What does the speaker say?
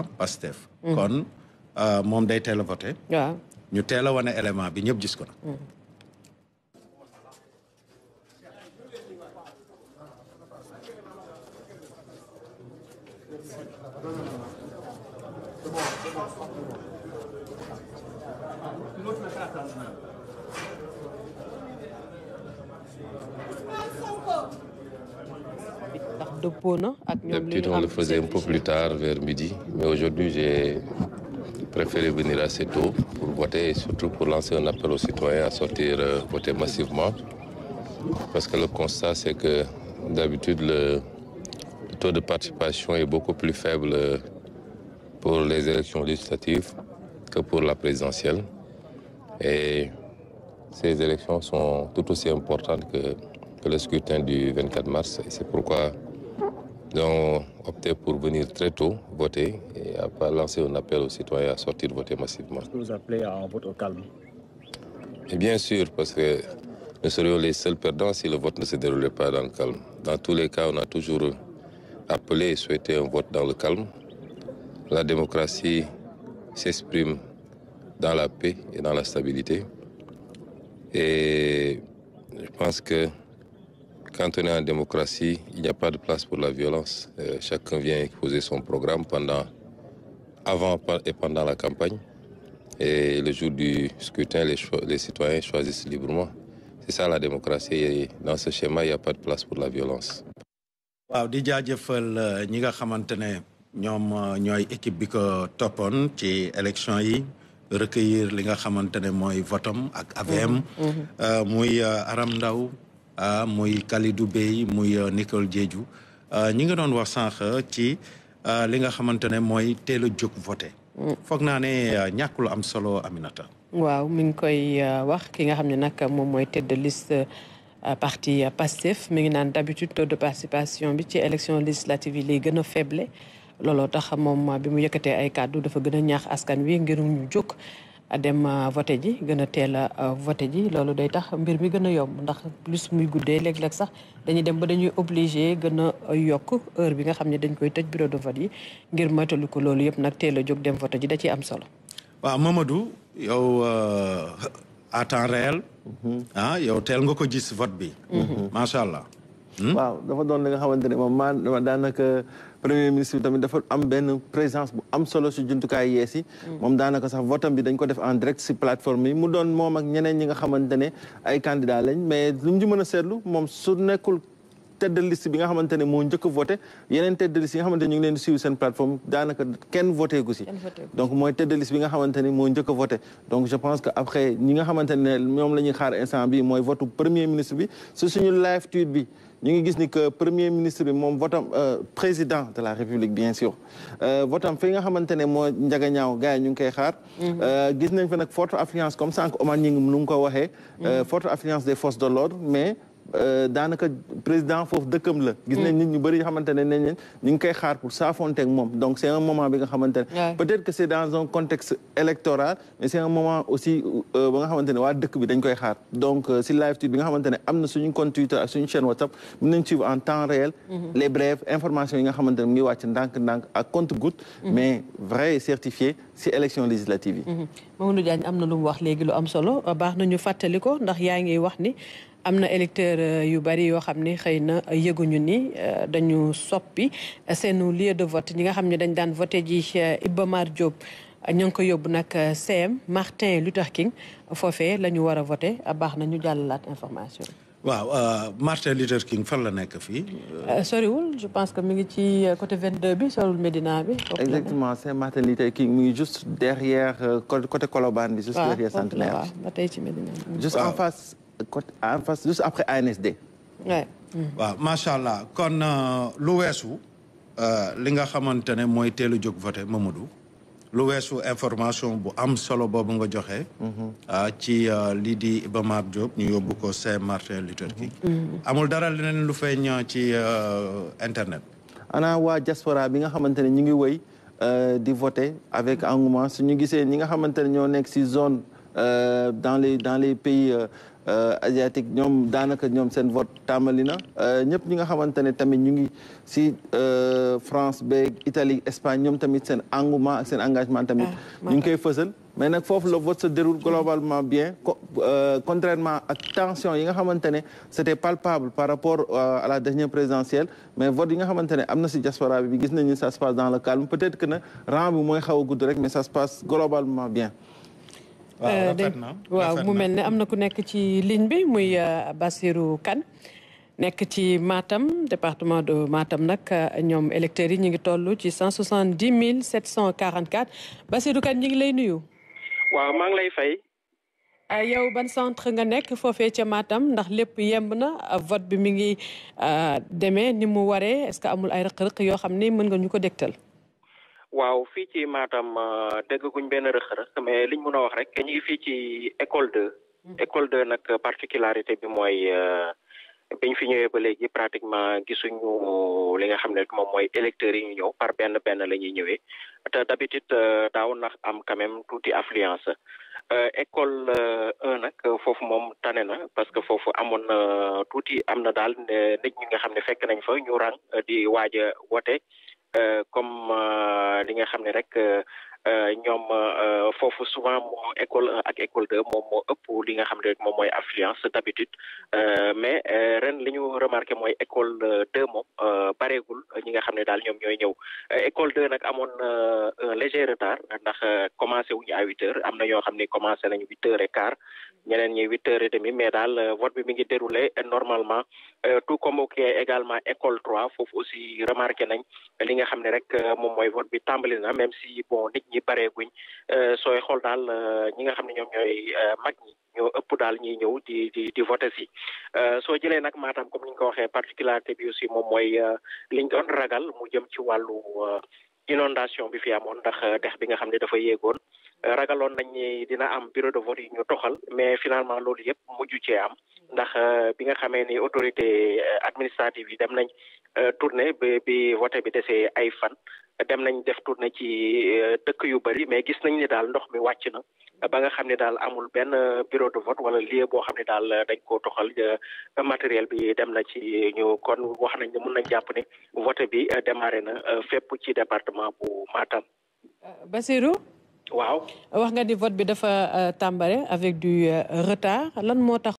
ak Pastef mm. kon euh, moom day teel a voté ñu teel a wane élément bi ñëpp gis D'habitude, on le faisait un peu plus tard, vers midi. Mais aujourd'hui, surtout pour lancer un appel aux citoyens euh, Parce que le constat, c'est que d'habitude, le, le de participation est beaucoup plus faible euh, pour les élections législatives que pour la présidentielle. Et ces élections sont tout aussi importantes que, que le scrutin du Et c'est pourquoi donc ont opté pour venir très tôt voter et à lancer un appel aux citoyens à sortir voter massivement. bien sûr, parce que nous serions les seuls perdants si le vote ne se déroulait pas dans le calme. Dans tous les cas, on a toujours appelé et souhaité un vote dans le calme. La démocratie s'exprime dans la paix et dans la stabilité. Et je pense que quand on est en démocratie, il n'y a pas de place pour la violence. Euh, chacun vient exposer son programme pendant, avant et pendant la campagne. Et le jour du scrutin, les, citoyens choisissent librement. C'est ça la démocratie. Et dans ce schéma, il n'y a pas de place pour la violence. waaw di jaajëfal euh, ñi nga xamante ne ñoom euh, ñooy équipe bi ko ci élection yi recueillir li nga xamante ne mooy votam ak AVM mm-hmm. mm-hmm. euh, muy Aram Ndaw Ah, muy Kalidou Bey muy euh, Nicole Diédhiou ah, ñi nga doon wax sànq ci ah, li nga xamante ne mooy teel jóg voté. Mm. foog naa ne ñàkk lu am solo Aminata. waaw mi ngi koy euh, wax ki nga xam ne nag moom mooy tête de liste euh, parti Pastef mi ngi naan d'habitude taux de participation bi ci élection législative yi lay gën a faible looloo tax moom bi mu yëkkatee ay kàddu dafa gën a ñaax askan wi ngir ñu jóg. dem euh, voté ji gën a teel a euh, voté ji loolu day tax mbir mi gën a yomb ndax plus muy guddee léeg-léeg sax dañuy dem ba dañuy obligé gën a yokk heure bi nga xam ne dañ koy tëj bureau de vote yi ngir moytalu ko loolu yëpp nag teel a jóg dem voté ji da ciy am solo. waaw Mamadou yow euh, à temps réel. Mhm. ah yow teel nga ko gis vote bi. Mhm. macha allah. Hmm? waaw dafa doon li nga maa daanaka. premier ministre tamit dafa am benn présence bu am solo si jumtukaay yees yi moom daanaka sax votam bi dañ ko def en direct si plateforme yi mu doon moom ak ñeneen ñi nga xamante ne ay candidat lañ mais lu mu ci mën a seetlu moom su nekkul tête de bi nga xamante ne moo njëkk voté yeneen tête de liste yi nga xamante ne ñu ngi seen plateforme daanaka kenn voté gu si donc mooy tête de bi nga xamante ne moo njëkk voté donc je pense que après nga xamante ne ñoom la ñuy xaar instant bi mooy votu premier ministre bi su suñu live tweet ñu ngi gis ni que premier ministre bi moom votam euh, président de la république bien sûr euh, votam fi nga xamante ne moo njaga ñaaw gars yi ñu ngi koy xaar mhm. euh, gis nañ fa nag forte affluence comme sànq Omar ñi ngi nu ngi ko waxee forte mhm. affluence des forces de l'ordre mais Euh, daanaka président foofu dëkkam la. gis nañ mm. nit ñu bëri xamante ne nañ ñu ngi koy xaar pour saafonteeg moom donc c' est un moment bi nga xamante ne. peut-être que c' est dans un contexte électoral mais c' un moment aussi euh, ba nga xamante waa dëkk bi dañ koy xaar donc euh, si live tweet bi nga xamante am na suñu compte Twitter ak suñu chaîne WhatsApp mën nañ suivre en temps réel. Mm-hmm. les brèves informations yi nga xamante mu ngi wàcc ndànk-ndànk ak compte goutte mm-hmm. mais vrai et certifié. si élection législative yi. Mm-hmm. Mamadou Diagne am na lu mu wax léegi lu am solo baax na ñu fàttali ko ndax yaa ngi wax ni am na électeur euh, yu bari yoo xam ni xëy na yëguñu ni euh, dañu soppi seenu lieu de vote ñi nga xam ne dañ daan voté ji euh, Iba Mar Diop. ñu ngi ko yóbbu nag CM Martin lu tax King foofe la ñu war a voté baax na ñu jàllalaat information waaw euh, Martin Luther King fan la nekk fii. Euh, soriwul je pense que mi ngi ci euh, côté 22 bi soriwul Medina bi. exactement c'est Martin Luther King mu ngi juste derrière côté Colobane bi. juste derrière Centenaire waaw ba tey ci Medina. juste en face côté en face juste après ANSD. waaw macha allah kon lu weesu li nga xamante ne mooy teel a jóg voté Mamadou. lu weesu information bu am solo boobu nga joxe. Mm-hmm. Ah, ci ah, lii di Iba Mar ñu yóbbu ko Saint Martin Luther King. Mm-hmm. amul dara leneen lu feeñ ah, ci internet. ana waa diaspora bi nga xamante ne ñu ngi wëy euh, di voter avec engouement su ñu gisee ñi nga xamante ne ñoo nekk ci zone euh, dans les dans les pays. Euh, Euh, asiatique ñoom daanaka ñoom seen vote tàmbali na euh, ñëpp ñi nga xamante ne tamit ñu ngi si euh, France beeg Italie Espagne ñoom tamit seen engouement ak seen engagement tamit ah, ñu ngi koy fësal mais nag foofu le vote se déroule globalement bien contrairement ak tension yi nga xamante ne c'était palpable par rapport à la dernière présidentielle mais vote yi nga xamante ne am na si diaspora bi gis nañu ça se dans le calme peut-être que ne rang bi mooy xaw a gudd rek mais ça se passe globalement Euh, waaw mu mel ne am na ku nekk ci ligne bi muy euh, bassiru kan nekk ci Matam département de maatam nag euh, ñoom électeurs yi ñu ngi toll ci cent soixante dix mille sept cent quarante quatre Bassirou Kane ñu ngi lay nuyu. waaw maa ngi lay fay. yow ban centre nga nekk foofee ca maatam ndax lépp yemb na vote bi mi ngi demee ni mu waree est-ce que amul ay rëq-rëq yoo xam ne mën nga ñu ko dégtal. waaw fii ci maatam Matam euh, déggaguñ benn rëq-rëq mais liñ mën a wax rek ñu ngi fii ci école 2. Hmm. école 2 nag particularité bi mooy euh, biñ fi ñëwee ba léegi pratiquement gisuñu li nga xam ne moom mooy électeurs yi ñu ñëw par benn benn la ñuy ñëwee te d'habitude euh, daaw na am quand même tuuti affluence. école 1 nag foofu moom tane na parce que foofu amoon na tuuti am na daal nit ñi nga xam ne fekk nañ fa ñu rang di waaj a wote Euh, comme euh, li nga xam ne rek euh, ñoom foofu souvent mo école ak école deux moom moo ëpp li nga xam ne rek moom mooy affluence d'habitude mais ren li ñu remarqué mooy école deux moom bareegul ñi nga xam ne daal ñoom ñooy ñëw école de nak amoon un léger retard ndax commencé wuñu à huit heures am na ñoo xam ne commencé nañu huit heures et ñeneen ñi huit heures et demie mais daal euh, vote bi mi ngi déroulé euh, normalement euh, tout comme que également école trois foofu aussi remarqué nañ li nga xam ne rek moom mooy vote bi tàmbali na même si bon nit ñi bareeguñ sooy xool daal ñi nga xam ne ñoom ñooy mag ñi ñoo ëpp daal ñuy ñëw di di di voté si soo jëlee nag Matam comme ni ñu ko waxee particularité bi aussi moom mooy liñ doon ragal mu jëm ci wàllu inondation bi fi amoon ndax dex bi nga xam ne dafa yéegoon ragaloon nañ ni dina am bureau de vote yi ñu toxal mais finalement loolu yëpp mujj cee am ndax euh, bi nga xamee ni autorité euh, administrative yi dem nañ euh, tournée bi bi vote bi desee ay fan dem nañ def tournée ci dëkk yu bëri mais gis nañ ni daal ndox mi wàcc na ba nga xam ne daal amul benn bureau de vote wala lieu boo xam ne daal dañ koo toxal matériel bi dem na ci ñu kon wax nañ ne mun nañ jàpp ne vote bi démarré na fépp ci département bu maatam Basirou. waaw wax nga ni vote bi dafa euh, tàmbale avec du euh, retard lan moo tax